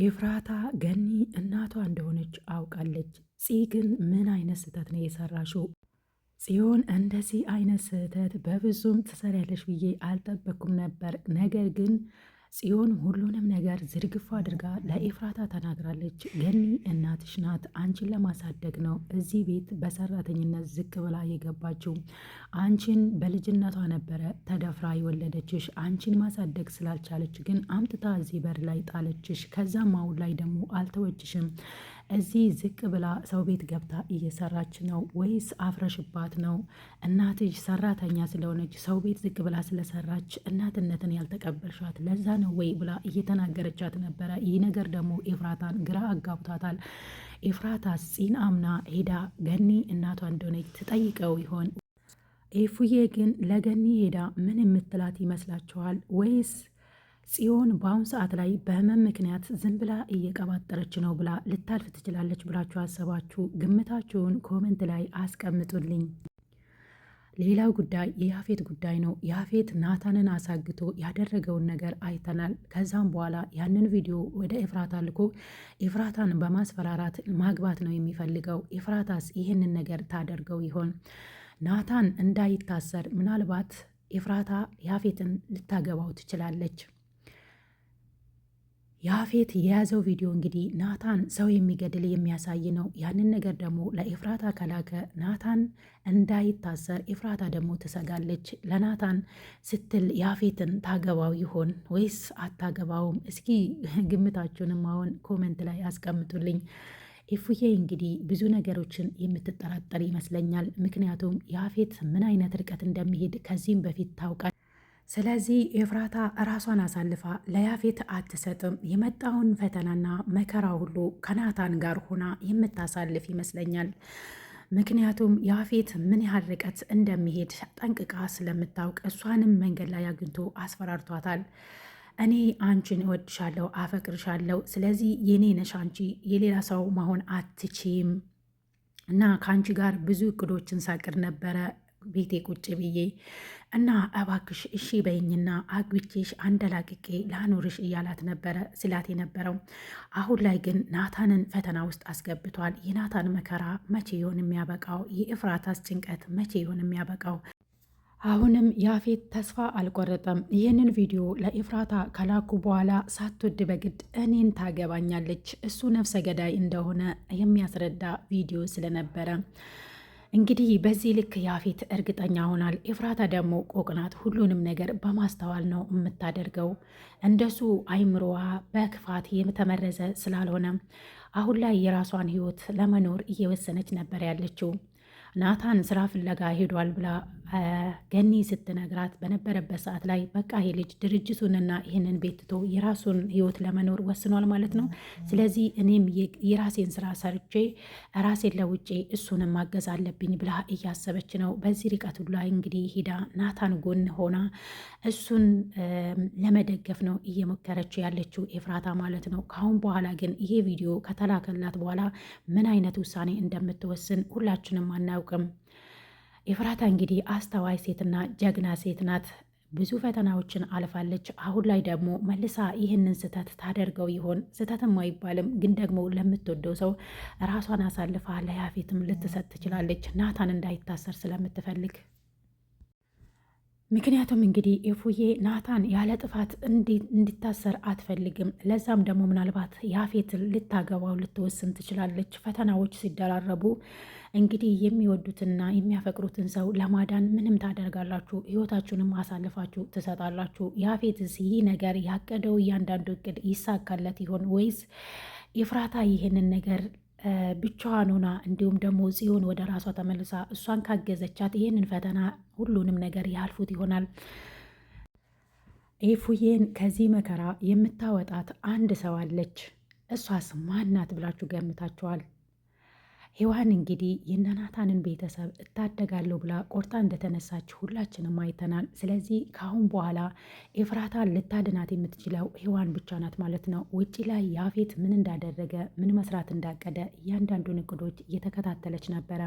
ኤፍራታ ገኒ እናቷ እንደሆነች አውቃለች። ፂ ግን ምን አይነት ስህተት ነው የሰራሽው? ጽዮን እንደዚህ አይነት ስህተት በብዙም ትሰሪያለሽ ብዬ አልጠበኩም ነበር። ነገር ግን ጽዮን ሁሉንም ነገር ዝርግፋ አድርጋ ለኤፍራታ ተናግራለች። ገኒ እናትሽ ናት፣ አንቺን ለማሳደግ ነው እዚህ ቤት በሰራተኝነት ዝቅ ብላ የገባችው። አንቺን በልጅነቷ ነበረ ተደፍራ የወለደችሽ። አንቺን ማሳደግ ስላልቻለች ግን አምጥታ እዚህ በር ላይ ጣለችሽ። ከዛም አሁን ላይ ደግሞ አልተወችሽም። እዚህ ዝቅ ብላ ሰው ቤት ገብታ እየሰራች ነው ወይስ አፍረሽባት ነው? እናትሽ ሰራተኛ ስለሆነች ሰው ቤት ዝቅ ብላ ስለሰራች እናትነትን ያልተቀበልሻት ለዛ ነው ወይ ብላ እየተናገረቻት ነበረ። ይህ ነገር ደግሞ ኤፍራታን ግራ አጋብቷታል። ኤፍራታ ፂን አምና ሄዳ ገኒ እናቷ እንደሆነች ትጠይቀው ይሆን? ኤፉዬ ግን ለገኒ ሄዳ ምን የምትላት ይመስላችኋል? ወይስ ጽዮን በአሁኑ ሰዓት ላይ በህመም ምክንያት ዝም ብላ እየቀባጠረች ነው ብላ ልታልፍ ትችላለች ብላችሁ አሰባችሁ? ግምታችሁን ኮመንት ላይ አስቀምጡልኝ። ሌላው ጉዳይ የያፌት ጉዳይ ነው። ያፌት ናታንን አሳግቶ ያደረገውን ነገር አይተናል። ከዛም በኋላ ያንን ቪዲዮ ወደ ኤፍራታ ልኮ ኤፍራታን በማስፈራራት ማግባት ነው የሚፈልገው። ኤፍራታስ ይህንን ነገር ታደርገው ይሆን? ናታን እንዳይታሰር ምናልባት ኤፍራታ ያፌትን ልታገባው ትችላለች። ያፌት የያዘው ቪዲዮ እንግዲህ ናታን ሰው የሚገድል የሚያሳይ ነው። ያንን ነገር ደግሞ ለኤፍራታ ከላከ ናታን እንዳይታሰር ኤፍራታ ደግሞ ትሰጋለች። ለናታን ስትል ያፌትን ታገባው ይሆን ወይስ አታገባውም? እስኪ ግምታችሁንም አሁን ኮመንት ላይ አስቀምጡልኝ። ኤፉዬ እንግዲህ ብዙ ነገሮችን የምትጠራጠር ይመስለኛል። ምክንያቱም ያፌት ምን አይነት ርቀት እንደሚሄድ ከዚህም በፊት ታውቃል። ስለዚህ ኤፍራታ ራሷን አሳልፋ ለያፌት አትሰጥም። የመጣውን ፈተናና መከራ ሁሉ ከናታን ጋር ሆና የምታሳልፍ ይመስለኛል። ምክንያቱም ያፌት ምን ያህል ርቀት እንደሚሄድ ጠንቅቃ ስለምታውቅ እሷንም መንገድ ላይ አግኝቶ አስፈራርቷታል። እኔ አንቺን እወድሻለሁ፣ አፈቅርሻለሁ። ስለዚህ የኔ ነሽ አንቺ፣ የሌላ ሰው መሆን አትችም እና ከአንቺ ጋር ብዙ እቅዶችን ሳቅድ ነበረ ቤቴ ቁጭ ብዬ እና እባክሽ እሺ በይኝና አግብቼሽ አንደላቅቄ ላኑርሽ እያላት ነበረ ስላት የነበረው። አሁን ላይ ግን ናታንን ፈተና ውስጥ አስገብቷል። የናታን መከራ መቼ ይሆን የሚያበቃው? የእፍራታስ ጭንቀት መቼ ይሆን የሚያበቃው? አሁንም ያፌት ተስፋ አልቆረጠም። ይህንን ቪዲዮ ለኢፍራታ ከላኩ በኋላ ሳትወድ በግድ እኔን ታገባኛለች እሱ ነፍሰ ገዳይ እንደሆነ የሚያስረዳ ቪዲዮ ስለነበረ እንግዲህ በዚህ ልክ ያፌት እርግጠኛ ሆናል። ኤፍራታ ደግሞ ቆቅናት ሁሉንም ነገር በማስተዋል ነው የምታደርገው። እንደሱ አይምሮዋ በክፋት የተመረዘ ስላልሆነ አሁን ላይ የራሷን ህይወት ለመኖር እየወሰነች ነበር ያለችው። ናታን ስራ ፍለጋ ሄዷል ብላ ገኒ ስትነግራት በነበረበት ሰዓት ላይ በቃ ይሄ ልጅ ድርጅቱንና ይህንን ቤት ትቶ የራሱን ህይወት ለመኖር ወስኗል ማለት ነው። ስለዚህ እኔም የራሴን ስራ ሰርቼ ራሴን ለውጬ እሱንም ማገዝ አለብኝ ብላ እያሰበች ነው። በዚህ ርቀቱ ላይ እንግዲህ ሂዳ ናታን ጎን ሆና እሱን ለመደገፍ ነው እየሞከረች ያለችው ኤፍራታ ማለት ነው። ከአሁን በኋላ ግን ይሄ ቪዲዮ ከተላከላት በኋላ ምን አይነት ውሳኔ እንደምትወስን ሁላችንም አናውቅም። ኤፍራታ እንግዲህ አስተዋይ ሴትና ጀግና ሴት ናት። ብዙ ፈተናዎችን አልፋለች። አሁን ላይ ደግሞ መልሳ ይህንን ስህተት ታደርገው ይሆን? ስህተትም አይባልም፣ ግን ደግሞ ለምትወደው ሰው ራሷን አሳልፋ ለያፌትም ልትሰጥ ትችላለች፣ ናታን እንዳይታሰር ስለምትፈልግ ምክንያቱም እንግዲህ ኤፉዬ ናታን ያለ ጥፋት እንዲታሰር አትፈልግም። ለዛም ደግሞ ምናልባት የአፌትን ልታገባው ልትወስን ትችላለች። ፈተናዎች ሲደራረቡ እንግዲህ የሚወዱትና የሚያፈቅሩትን ሰው ለማዳን ምንም ታደርጋላችሁ፣ ህይወታችሁንም አሳልፋችሁ ትሰጣላችሁ። ያፌትስ ይህ ነገር ያቀደው እያንዳንዱ እቅድ ይሳካለት ይሆን ወይስ የፍራታ ይህንን ነገር ብቻዋን ሆና እንዲሁም ደግሞ ጽዮን ወደ ራሷ ተመልሳ እሷን ካገዘቻት ይህንን ፈተና ሁሉንም ነገር ያልፉት ይሆናል? ኤፉዬን ከዚህ መከራ የምታወጣት አንድ ሰው አለች። እሷስ ማናት ብላችሁ ገምታችኋል? ሔዋን እንግዲህ የነናታንን ቤተሰብ እታደጋለሁ ብላ ቆርጣ እንደተነሳች ሁላችንም አይተናል። ስለዚህ ከአሁን በኋላ ኤፍራታን ልታድናት የምትችለው ሔዋን ብቻ ናት ማለት ነው። ውጭ ላይ ያፌት ምን እንዳደረገ ምን መስራት እንዳቀደ እያንዳንዱን እቅዶች እየተከታተለች ነበረ።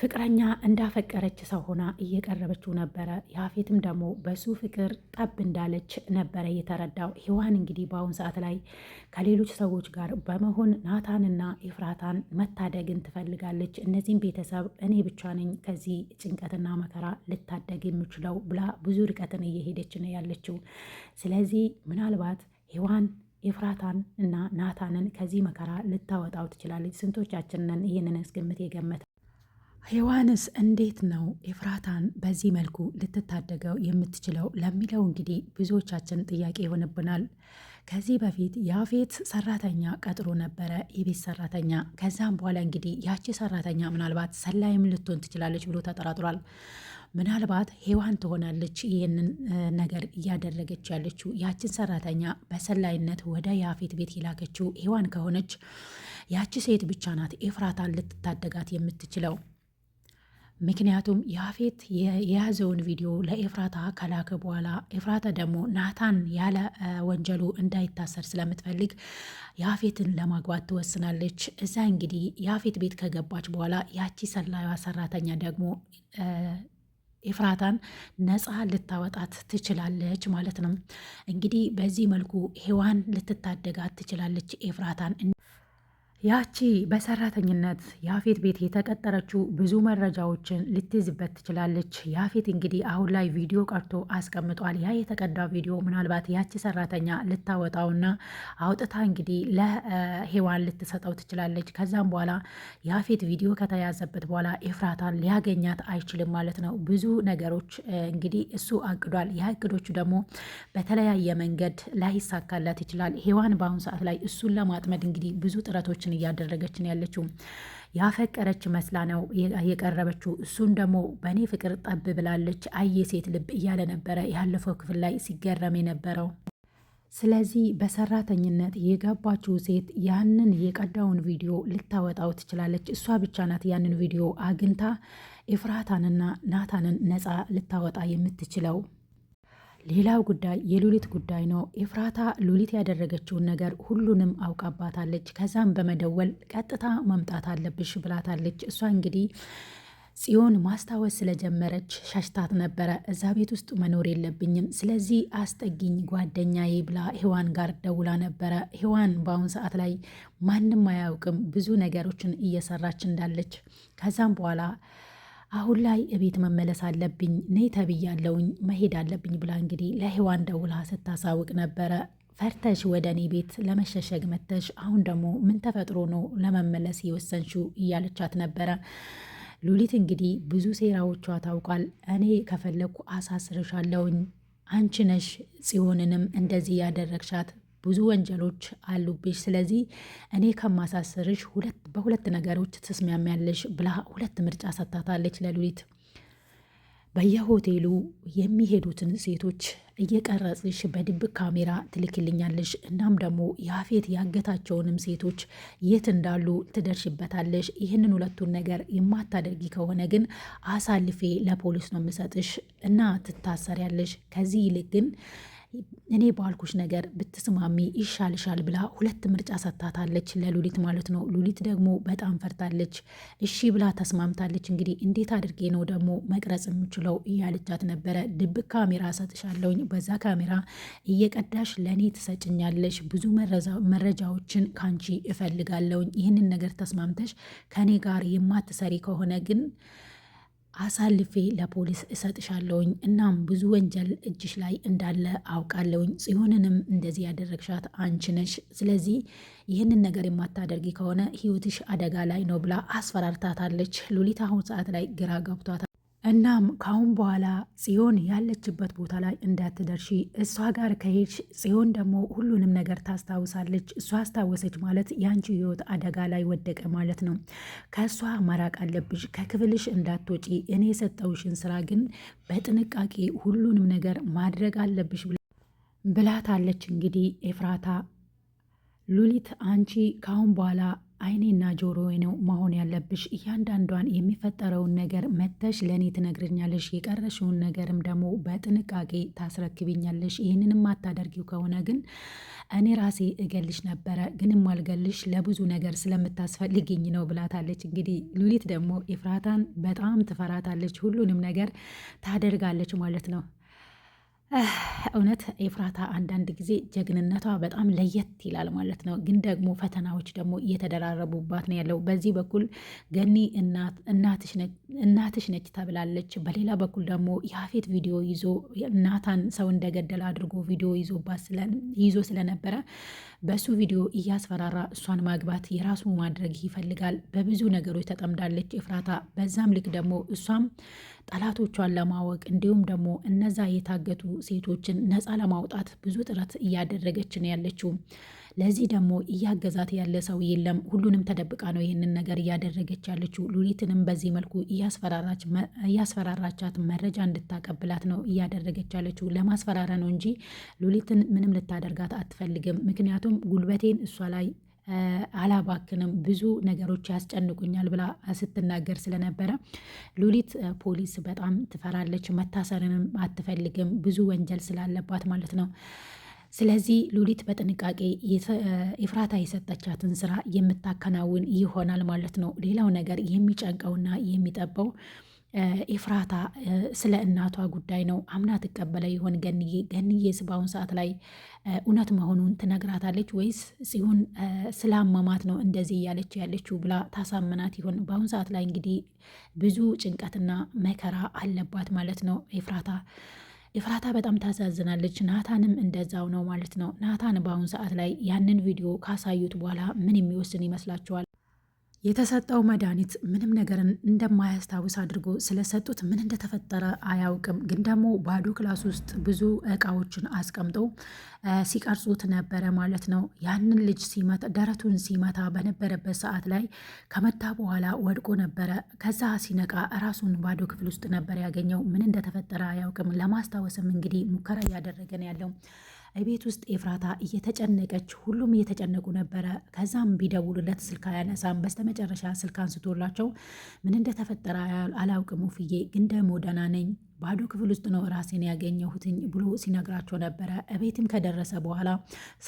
ፍቅረኛ እንዳፈቀረች ሰው ሆና እየቀረበችው ነበረ። ያፌትም ደግሞ በሱ ፍቅር ጠብ እንዳለች ነበረ የተረዳው። ሔዋን እንግዲህ በአሁን ሰዓት ላይ ከሌሎች ሰዎች ጋር በመሆን ናታንና ኤፍራታን መታደግን ትፈልጋለች። እነዚህም ቤተሰብ እኔ ብቻ ነኝ ከዚህ ጭንቀትና መከራ ልታደግ የምችለው ብላ ብዙ ርቀትን እየሄደች ነው ያለችው። ስለዚህ ምናልባት ሔዋን ኤፍራታን እና ናታንን ከዚህ መከራ ልታወጣው ትችላለች። ስንቶቻችንን ይህንን ግምት የገመተ ሔዋንስ እንዴት ነው ኤፍራታን በዚህ መልኩ ልትታደገው የምትችለው ለሚለው እንግዲህ ብዙዎቻችን ጥያቄ ይሆንብናል። ከዚህ በፊት የአፌት ሰራተኛ ቀጥሮ ነበረ፣ የቤት ሰራተኛ። ከዛም በኋላ እንግዲህ ያቺ ሰራተኛ ምናልባት ሰላይም ልትሆን ትችላለች ብሎ ተጠራጥሯል። ምናልባት ሔዋን ትሆናለች ይህንን ነገር እያደረገች ያለችው ያችን ሰራተኛ በሰላይነት ወደ ያፌት ቤት የላከችው ሔዋን ከሆነች ያቺ ሴት ብቻ ናት ኤፍራታን ልትታደጋት የምትችለው። ምክንያቱም ያፌት የያዘውን ቪዲዮ ለኤፍራታ ከላከ በኋላ ኤፍራታ ደግሞ ናታን ያለ ወንጀሉ እንዳይታሰር ስለምትፈልግ ያፌትን ለማግባት ትወስናለች። እዛ እንግዲህ ያፌት ቤት ከገባች በኋላ ያቺ ሰላዩ ሰራተኛ ደግሞ ኤፍራታን ነፃ ልታወጣት ትችላለች ማለት ነው። እንግዲህ በዚህ መልኩ ሔዋን ልትታደጋት ትችላለች ኤፍራታን ያቺ በሰራተኝነት ያፌት ቤት የተቀጠረችው ብዙ መረጃዎችን ልትይዝበት ትችላለች። ያፌት እንግዲህ አሁን ላይ ቪዲዮ ቀርቶ አስቀምጧል። ያ የተቀዳ ቪዲዮ ምናልባት ያቺ ሰራተኛ ልታወጣውና አውጥታ እንግዲህ ለሔዋን ልትሰጠው ትችላለች። ከዛም በኋላ ያፌት ቪዲዮ ከተያዘበት በኋላ ኤፍራታን ሊያገኛት አይችልም ማለት ነው። ብዙ ነገሮች እንግዲህ እሱ አቅዷል። ያ እቅዶቹ ደግሞ በተለያየ መንገድ ላይሳካላት ይችላል። ሔዋን በአሁኑ ሰዓት ላይ እሱን ለማጥመድ እንግዲህ ብዙ ጥረቶች ነገሮችን ነው ያለችው ያፈቀረች መስላ ነው የቀረበችው። እሱን ደግሞ በእኔ ፍቅር ጠብ ብላለች፣ አየ ሴት ልብ እያለ ነበረ ያለፈው ክፍል ላይ ሲገረም የነበረው። ስለዚህ በሰራተኝነት የገባችው ሴት ያንን የቀዳውን ቪዲዮ ልታወጣው ትችላለች። እሷ ብቻ ናት ያንን ቪዲዮ አግኝታ ኤፍራታንና ናታንን ነፃ ልታወጣ የምትችለው። ሌላው ጉዳይ የሉሊት ጉዳይ ነው። ኤፍራታ ሉሊት ያደረገችውን ነገር ሁሉንም አውቃባታለች። ከዛም በመደወል ቀጥታ መምጣት አለብሽ ብላታለች። እሷ እንግዲህ ጽዮን ማስታወስ ስለጀመረች ሸሽታት ነበረ። እዛ ቤት ውስጥ መኖር የለብኝም ስለዚህ አስጠጊኝ ጓደኛዬ ብላ ሔዋን ጋር ደውላ ነበረ። ሔዋን በአሁን ሰዓት ላይ ማንም አያውቅም ብዙ ነገሮችን እየሰራች እንዳለች ከዛም በኋላ አሁን ላይ እቤት መመለስ አለብኝ ነይ ተብያለሁኝ መሄድ አለብኝ ብላ እንግዲህ ለሔዋን ደውላ ስታሳውቅ ነበረ። ፈርተሽ ወደ እኔ ቤት ለመሸሸግ መተሽ፣ አሁን ደግሞ ምን ተፈጥሮ ነው ለመመለስ የወሰንሽው? እያለቻት ነበረ። ሉሊት እንግዲህ ብዙ ሴራዎቿ ታውቋል። እኔ ከፈለግኩ አሳስርሻለውኝ አንቺ ነሽ ጽዮንንም እንደዚህ ያደረግሻት ብዙ ወንጀሎች አሉብሽ። ስለዚህ እኔ ከማሳስርሽ በሁለት ነገሮች ትስማሚያለሽ ብላ ሁለት ምርጫ ሰጥታታለች ለሉሊት። በየሆቴሉ የሚሄዱትን ሴቶች እየቀረጽሽ በድብቅ ካሜራ ትልክልኛለሽ። እናም ደግሞ ያፌት ያገታቸውንም ሴቶች የት እንዳሉ ትደርሽበታለሽ። ይህንን ሁለቱን ነገር የማታደርጊ ከሆነ ግን አሳልፌ ለፖሊስ ነው የምሰጥሽ እና ትታሰሪያለሽ። ከዚህ ይልቅ ግን እኔ ባልኩሽ ነገር ብትስማሚ ይሻልሻል ብላ ሁለት ምርጫ ሰጥታታለች ለሉሊት ማለት ነው። ሉሊት ደግሞ በጣም ፈርታለች። እሺ ብላ ተስማምታለች። እንግዲህ እንዴት አድርጌ ነው ደግሞ መቅረጽ የምችለው እያለቻት ነበረ። ድብቅ ካሜራ ሰጥሻለውኝ፣ በዛ ካሜራ እየቀዳሽ ለእኔ ትሰጭኛለሽ፣ ብዙ መረጃዎችን ካንቺ እፈልጋለውኝ። ይህንን ነገር ተስማምተሽ ከእኔ ጋር የማትሰሪ ከሆነ ግን አሳልፌ ለፖሊስ እሰጥሻለሁኝ። እናም ብዙ ወንጀል እጅሽ ላይ እንዳለ አውቃለውኝ። ጽዮንንም እንደዚህ ያደረግሻት አንቺ ነሽ። ስለዚህ ይህንን ነገር የማታደርጊ ከሆነ ህይወትሽ አደጋ ላይ ነው ብላ አስፈራርታታለች። ሉሊት አሁን ሰዓት ላይ ግራ ገብቷታል። እናም ካሁን በኋላ ጽዮን ያለችበት ቦታ ላይ እንዳትደርሺ፣ እሷ ጋር ከሄድሽ ጽዮን ደግሞ ሁሉንም ነገር ታስታውሳለች። እሷ አስታወሰች ማለት የአንቺ ህይወት አደጋ ላይ ወደቀ ማለት ነው። ከእሷ መራቅ አለብሽ። ከክፍልሽ እንዳትወጪ። እኔ የሰጠውሽን ስራ ግን በጥንቃቄ ሁሉንም ነገር ማድረግ አለብሽ ብላታለች። እንግዲህ ኤፍራታ ሉሊት አንቺ ካሁን በኋላ አይኔና ጆሮዬ ነው መሆን ያለብሽ። እያንዳንዷን የሚፈጠረውን ነገር መተሽ ለእኔ ትነግርኛለሽ። የቀረሽውን ነገርም ደግሞ በጥንቃቄ ታስረክብኛለሽ። ይህንን ማታደርጊው ከሆነ ግን እኔ ራሴ እገልሽ ነበረ፣ ግን ማልገልሽ ለብዙ ነገር ስለምታስፈልግኝ ነው ብላታለች። እንግዲህ ሉሊት ደግሞ ኤፍራታን በጣም ትፈራታለች፣ ሁሉንም ነገር ታደርጋለች ማለት ነው። እውነት ኤፍራታ አንዳንድ ጊዜ ጀግንነቷ በጣም ለየት ይላል ማለት ነው። ግን ደግሞ ፈተናዎች ደግሞ እየተደራረቡባት ነው ያለው። በዚህ በኩል ገኒ እናትሽ ነች ተብላለች። በሌላ በኩል ደግሞ የሀፌት ቪዲዮ ይዞ እናታን ሰው እንደገደለ አድርጎ ቪዲዮ ይዞ ስለነበረ በሱ ቪዲዮ እያስፈራራ እሷን ማግባት የራሱ ማድረግ ይፈልጋል። በብዙ ነገሮች ተጠምዳለች ኤፍራታ። በዛም ልክ ደግሞ እሷም ጠላቶቿን ለማወቅ እንዲሁም ደግሞ እነዛ የታገቱ ሴቶችን ነፃ ለማውጣት ብዙ ጥረት እያደረገች ነው ያለችው። ለዚህ ደግሞ እያገዛት ያለ ሰው የለም። ሁሉንም ተደብቃ ነው ይህንን ነገር እያደረገች ያለችው። ሉሊትንም በዚህ መልኩ እያስፈራራቻት መረጃ እንድታቀብላት ነው እያደረገች ያለችው። ለማስፈራረ ነው እንጂ ሉሊትን ምንም ልታደርጋት አትፈልግም። ምክንያቱም ጉልበቴን እሷ ላይ አላባክንም ብዙ ነገሮች ያስጨንቁኛል ብላ ስትናገር ስለነበረ ሉሊት ፖሊስ በጣም ትፈራለች፣ መታሰርንም አትፈልግም ብዙ ወንጀል ስላለባት ማለት ነው። ስለዚህ ሉሊት በጥንቃቄ ኤፍራታ የሰጠቻትን ስራ የምታከናውን ይሆናል ማለት ነው። ሌላው ነገር የሚጨንቀውና የሚጠበው ኤፍራታ ስለ እናቷ ጉዳይ ነው አምና ትቀበለ ይሆን? ገንዬ ገንዬስ በአሁን ሰዓት ላይ እውነት መሆኑን ትነግራታለች ወይስ ሲሆን ስላመማት ነው እንደዚህ እያለች ያለችው ብላ ታሳምናት ይሆን? በአሁን ሰዓት ላይ እንግዲህ ብዙ ጭንቀትና መከራ አለባት ማለት ነው ኤፍራታ። ኤፍራታ በጣም ታሳዝናለች። ናታንም እንደዛው ነው ማለት ነው። ናታን በአሁን ሰዓት ላይ ያንን ቪዲዮ ካሳዩት በኋላ ምን የሚወስን ይመስላችኋል? የተሰጠው መድኃኒት ምንም ነገርን እንደማያስታውስ አድርጎ ስለሰጡት ምን እንደተፈጠረ አያውቅም። ግን ደግሞ ባዶ ክላስ ውስጥ ብዙ እቃዎችን አስቀምጠው ሲቀርጹት ነበረ ማለት ነው። ያንን ልጅ ሲመታ ደረቱን ሲመታ በነበረበት ሰዓት ላይ ከመታ በኋላ ወድቆ ነበረ። ከዛ ሲነቃ ራሱን ባዶ ክፍል ውስጥ ነበር ያገኘው። ምን እንደተፈጠረ አያውቅም። ለማስታወስም እንግዲህ ሙከራ እያደረገ ነው ያለው። ቤት ውስጥ ኤፍራታ እየተጨነቀች ሁሉም እየተጨነቁ ነበረ። ከዛም ቢደውሉለት ስልክ አያነሳም። በስተመጨረሻ ስልክ አንስቶላቸው ምን እንደተፈጠረ አላውቅም ውፍዬ፣ ግን ደግሞ ደህና ነኝ፣ ባዶ ክፍል ውስጥ ነው ራሴን ያገኘሁትኝ ብሎ ሲነግራቸው ነበረ። እቤትም ከደረሰ በኋላ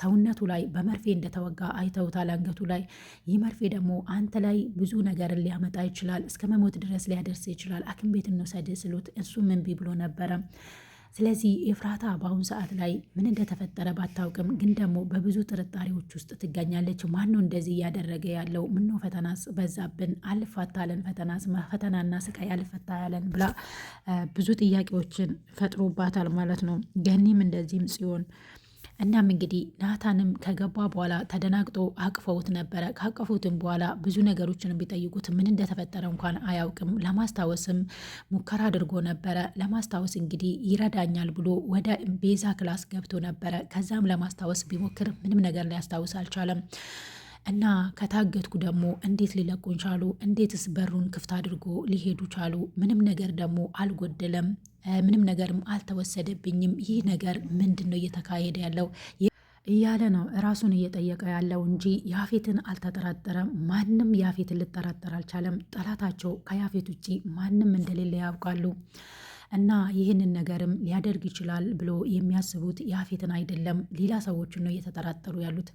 ሰውነቱ ላይ በመርፌ እንደተወጋ አይተውታል፣ አንገቱ ላይ። ይህ መርፌ ደግሞ አንተ ላይ ብዙ ነገርን ሊያመጣ ይችላል፣ እስከ መሞት ድረስ ሊያደርስ ይችላል፣ ሐኪም ቤት እንውሰድ ስሉት እሱ እምቢ ብሎ ነበረ። ስለዚህ ኤፍራታ በአሁኑ ሰዓት ላይ ምን እንደተፈጠረ ባታውቅም ግን ደግሞ በብዙ ጥርጣሬዎች ውስጥ ትገኛለች። ማነው እንደዚህ እያደረገ ያለው? ምነው ፈተናስ በዛብን? አልፋታለን ፈተናስ ፈተናና ስቃይ አልፈታ ያለን ብላ ብዙ ጥያቄዎችን ፈጥሮባታል ማለት ነው። ገኒም እንደዚህም ጽዮን እናም እንግዲህ ናታንም ከገባ በኋላ ተደናግጦ አቅፈውት ነበረ። ካቀፉትም በኋላ ብዙ ነገሮችን ቢጠይቁት ምን እንደተፈጠረ እንኳን አያውቅም። ለማስታወስም ሙከራ አድርጎ ነበረ። ለማስታወስ እንግዲህ ይረዳኛል ብሎ ወደ ቤዛ ክላስ ገብቶ ነበረ። ከዛም ለማስታወስ ቢሞክር ምንም ነገር ሊያስታውስ አልቻለም። እና ከታገትኩ ደግሞ እንዴት ሊለቁን ቻሉ? እንዴትስ በሩን ክፍት አድርጎ ሊሄዱ ቻሉ? ምንም ነገር ደግሞ አልጎደለም፣ ምንም ነገርም አልተወሰደብኝም። ይህ ነገር ምንድን ነው እየተካሄደ ያለው እያለ ነው ራሱን እየጠየቀ ያለው እንጂ ያፌትን አልተጠራጠረም። ማንም ያፌትን ልጠራጠር አልቻለም። ጠላታቸው ከያፌት ውጭ ማንም እንደሌለ ያውቃሉ። እና ይህንን ነገርም ሊያደርግ ይችላል ብሎ የሚያስቡት ያፌትን አይደለም፣ ሌላ ሰዎችን ነው እየተጠራጠሩ ያሉት።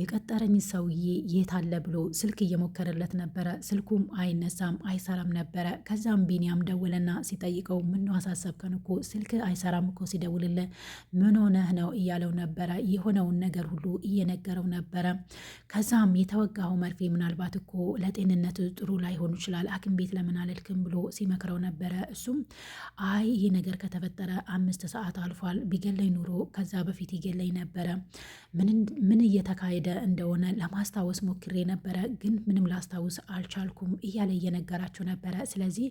የቀጠረኝ ሰውዬ የታለ ብሎ ስልክ እየሞከረለት ነበረ። ስልኩም አይነሳም አይሰራም ነበረ። ከዛም ቢኒያም ደወለና ሲጠይቀው ምነው አሳሰብከን እኮ ስልክ አይሰራም እኮ ሲደውልል ምን ሆነህ ነው እያለው ነበረ። የሆነውን ነገር ሁሉ እየነገረው ነበረ። ከዛም የተወጋው መርፌ ምናልባት እኮ ለጤንነት ጥሩ ላይሆን ይችላል፣ ሐኪም ቤት ለምን አልልክም ብሎ ሲመክረው ነበረ። እሱም አይ አይ ይሄ ነገር ከተፈጠረ አምስት ሰዓት አልፏል፣ ቢገለኝ ኑሮ ከዛ በፊት ይገለኝ ነበረ። ምን እየተካሄደ እንደሆነ ለማስታወስ ሞክሬ ነበረ፣ ግን ምንም ላስታውስ አልቻልኩም እያለ እየነገራቸው ነበረ። ስለዚህ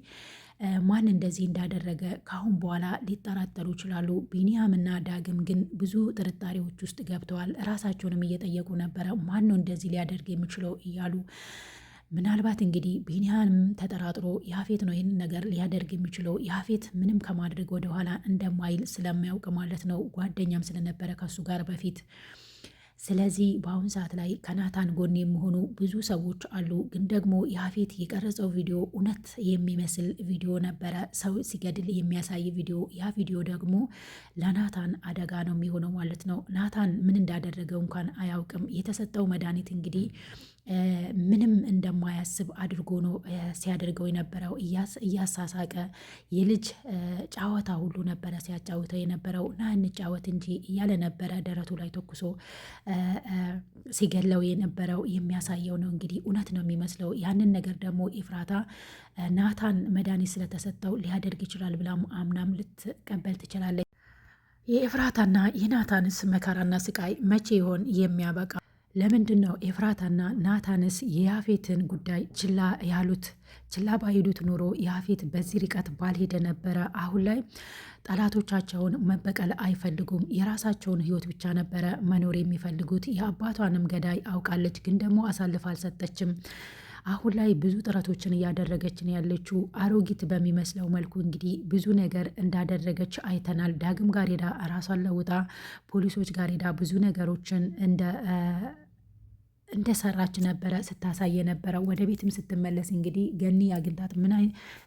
ማን እንደዚህ እንዳደረገ ከአሁን በኋላ ሊጠራጠሩ ይችላሉ። ቢኒያምና ዳግም ግን ብዙ ጥርጣሬዎች ውስጥ ገብተዋል። ራሳቸውንም እየጠየቁ ነበረ፣ ማን ነው እንደዚህ ሊያደርግ የሚችለው እያሉ ምናልባት እንግዲህ ቢኒያንም ተጠራጥሮ ያፌት ነው ይህንን ነገር ሊያደርግ የሚችለው ያፌት ምንም ከማድረግ ወደኋላ እንደማይል ስለማያውቅ ማለት ነው። ጓደኛም ስለነበረ ከሱ ጋር በፊት ስለዚህ በአሁኑ ሰዓት ላይ ከናታን ጎን የሚሆኑ ብዙ ሰዎች አሉ። ግን ደግሞ ያፌት የቀረጸው ቪዲዮ እውነት የሚመስል ቪዲዮ ነበረ፣ ሰው ሲገድል የሚያሳይ ቪዲዮ። ያ ቪዲዮ ደግሞ ለናታን አደጋ ነው የሚሆነው ማለት ነው። ናታን ምን እንዳደረገው እንኳን አያውቅም። የተሰጠው መድኃኒት እንግዲህ ምንም እንደማያስብ አድርጎ ነው ሲያደርገው የነበረው። እያሳሳቀ የልጅ ጫወታ ሁሉ ነበረ ሲያጫውተው የነበረው። ና እንጫወት እንጂ እያለ ነበረ ደረቱ ላይ ተኩሶ ሲገለው የነበረው የሚያሳየው ነው። እንግዲህ እውነት ነው የሚመስለው። ያንን ነገር ደግሞ ኤፍራታ ናታን መድኃኒት ስለተሰጠው ሊያደርግ ይችላል ብላ አምናም ልትቀበል ትችላለች። የኤፍራታና የናታንስ መከራና ስቃይ መቼ ይሆን የሚያበቃ? ለምንድን ነው ኤፍራታና ናታንስ የያፌትን ጉዳይ ችላ ያሉት? ችላ ባሄዱት ኑሮ ያፌት በዚህ ርቀት ባልሄደ ነበረ። አሁን ላይ ጠላቶቻቸውን መበቀል አይፈልጉም። የራሳቸውን ሕይወት ብቻ ነበረ መኖር የሚፈልጉት። የአባቷንም ገዳይ አውቃለች፣ ግን ደግሞ አሳልፍ አልሰጠችም። አሁን ላይ ብዙ ጥረቶችን እያደረገችን ያለችው አሮጊት በሚመስለው መልኩ እንግዲህ ብዙ ነገር እንዳደረገች አይተናል። ዳግም ጋር ሄዳ ራሷን ለውጣ ፖሊሶች ጋር ሄዳ ብዙ ነገሮችን እንደ እንደሰራች ነበረ ስታሳየ ነበረ። ወደ ቤትም ስትመለስ እንግዲህ ገኒ አግኝታት ምን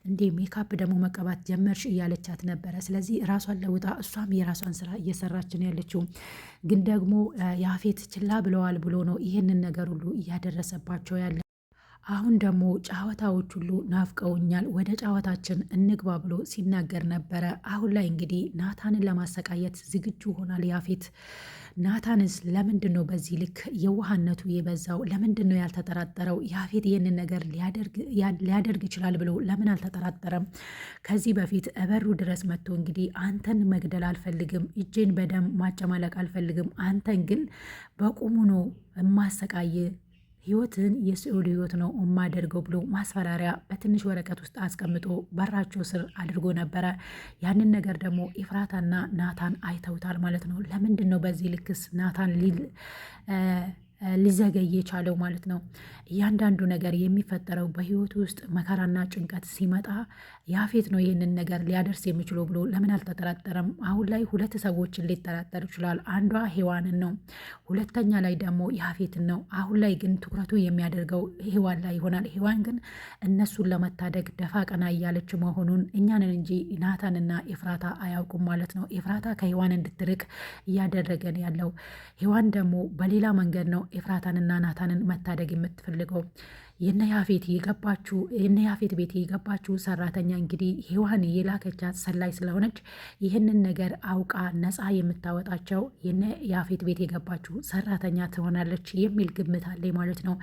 እንዴ ሜካፕ ደግሞ መቀባት ጀመርሽ እያለቻት ነበረ። ስለዚህ ራሷን ለውጣ እሷም የራሷን ስራ እየሰራች ነው ያለችው። ግን ደግሞ ያፌት ችላ ብለዋል ብሎ ነው ይህንን ነገር ሁሉ እያደረሰባቸው ያለ አሁን ደግሞ ጨዋታዎች ሁሉ ናፍቀውኛል፣ ወደ ጨዋታችን እንግባ ብሎ ሲናገር ነበረ። አሁን ላይ እንግዲህ ናታንን ለማሰቃየት ዝግጁ ሆናል ያፌት። ናታንስ ለምንድን ነው በዚህ ልክ የዋህነቱ የበዛው? ለምንድን ነው ያልተጠራጠረው? ያፌት ይህንን ነገር ሊያደርግ ይችላል ብሎ ለምን አልተጠራጠረም? ከዚህ በፊት እበሩ ድረስ መጥቶ እንግዲህ አንተን መግደል አልፈልግም፣ እጄን በደም ማጨማለቅ አልፈልግም፣ አንተን ግን በቁሙ ነው የማሰቃይ ህይወትን የስዑድ ህይወት ነው የማደርገው ብሎ ማስፈራሪያ በትንሽ ወረቀት ውስጥ አስቀምጦ በራቸው ስር አድርጎ ነበረ። ያንን ነገር ደግሞ ኢፍራታና ናታን አይተውታል ማለት ነው። ለምንድን ነው በዚህ ልክስ ናታን ሊዘገይ የቻለው ማለት ነው። እያንዳንዱ ነገር የሚፈጠረው በህይወት ውስጥ መከራና ጭንቀት ሲመጣ ያፌት ነው ይህንን ነገር ሊያደርስ የሚችለው ብሎ ለምን አልተጠራጠረም? አሁን ላይ ሁለት ሰዎችን ሊጠራጠር ይችላል። አንዷ ሔዋንን ነው፣ ሁለተኛ ላይ ደግሞ ያፌትን ነው። አሁን ላይ ግን ትኩረቱ የሚያደርገው ሔዋን ላይ ይሆናል። ህዋን ግን እነሱን ለመታደግ ደፋ ቀና እያለች መሆኑን እኛንን እንጂ ናታንና ኤፍራታ አያውቁም ማለት ነው። ኤፍራታ ከሔዋን እንድትርቅ እያደረገን ያለው ሔዋን ደግሞ በሌላ መንገድ ነው ኤፍራታንና ናታንን መታደግ የምትፈልገው። የነ ያፌት የገባችሁ የነ ያፌት ቤት የገባችሁ ሰራተኛ እንግዲህ ሔዋን የላከቻት ሰላይ ስለሆነች ይህንን ነገር አውቃ ነፃ የምታወጣቸው የነ ያፌት ቤት የገባችሁ ሰራተኛ ትሆናለች የሚል ግምት አለ ማለት ነው።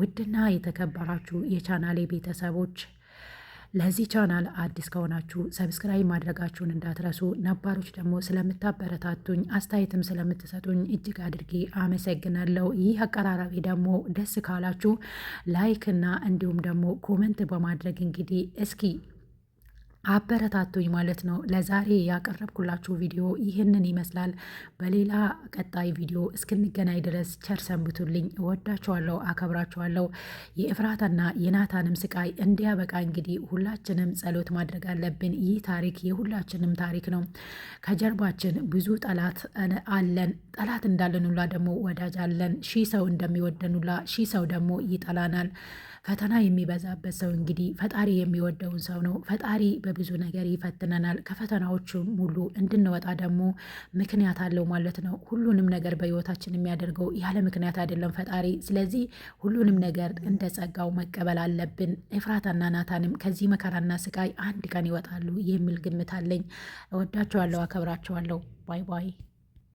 ውድና የተከበራችሁ የቻናሌ ቤተሰቦች ለዚህ ቻናል አዲስ ከሆናችሁ ሰብስክራይብ ማድረጋችሁን እንዳትረሱ፣ ነባሮች ደግሞ ስለምታበረታቱኝ አስተያየትም ስለምትሰጡኝ እጅግ አድርጌ አመሰግናለሁ። ይህ አቀራራቢ ደግሞ ደስ ካላችሁ ላይክ እና እንዲሁም ደግሞ ኮመንት በማድረግ እንግዲህ እስኪ አበረታቱኝ ማለት ነው። ለዛሬ ያቀረብኩላችሁ ቪዲዮ ይህንን ይመስላል። በሌላ ቀጣይ ቪዲዮ እስክንገናኝ ድረስ ቸር ሰንብቱልኝ። እወዳችኋለሁ፣ አከብራችኋለሁ። የእፍራታና የናታንም ስቃይ እንዲያበቃ እንግዲህ ሁላችንም ጸሎት ማድረግ አለብን። ይህ ታሪክ የሁላችንም ታሪክ ነው። ከጀርባችን ብዙ ጠላት አለን። ጠላት እንዳለን ሁላ ደግሞ ወዳጅ አለን። ሺህ ሰው እንደሚወደን ሁላ ሺህ ሰው ደግሞ ይጠላናል። ፈተና የሚበዛበት ሰው እንግዲህ ፈጣሪ የሚወደውን ሰው ነው። ፈጣሪ በብዙ ነገር ይፈትነናል። ከፈተናዎቹ ሙሉ እንድንወጣ ደግሞ ምክንያት አለው ማለት ነው። ሁሉንም ነገር በህይወታችን የሚያደርገው ያለ ምክንያት አይደለም ፈጣሪ። ስለዚህ ሁሉንም ነገር እንደ ጸጋው መቀበል አለብን። ኤፍራታና ናታንም ከዚህ መከራና ስቃይ አንድ ቀን ይወጣሉ የሚል ግምት አለኝ። እወዳቸዋለሁ፣ አከብራቸዋለሁ። ባይ ባይ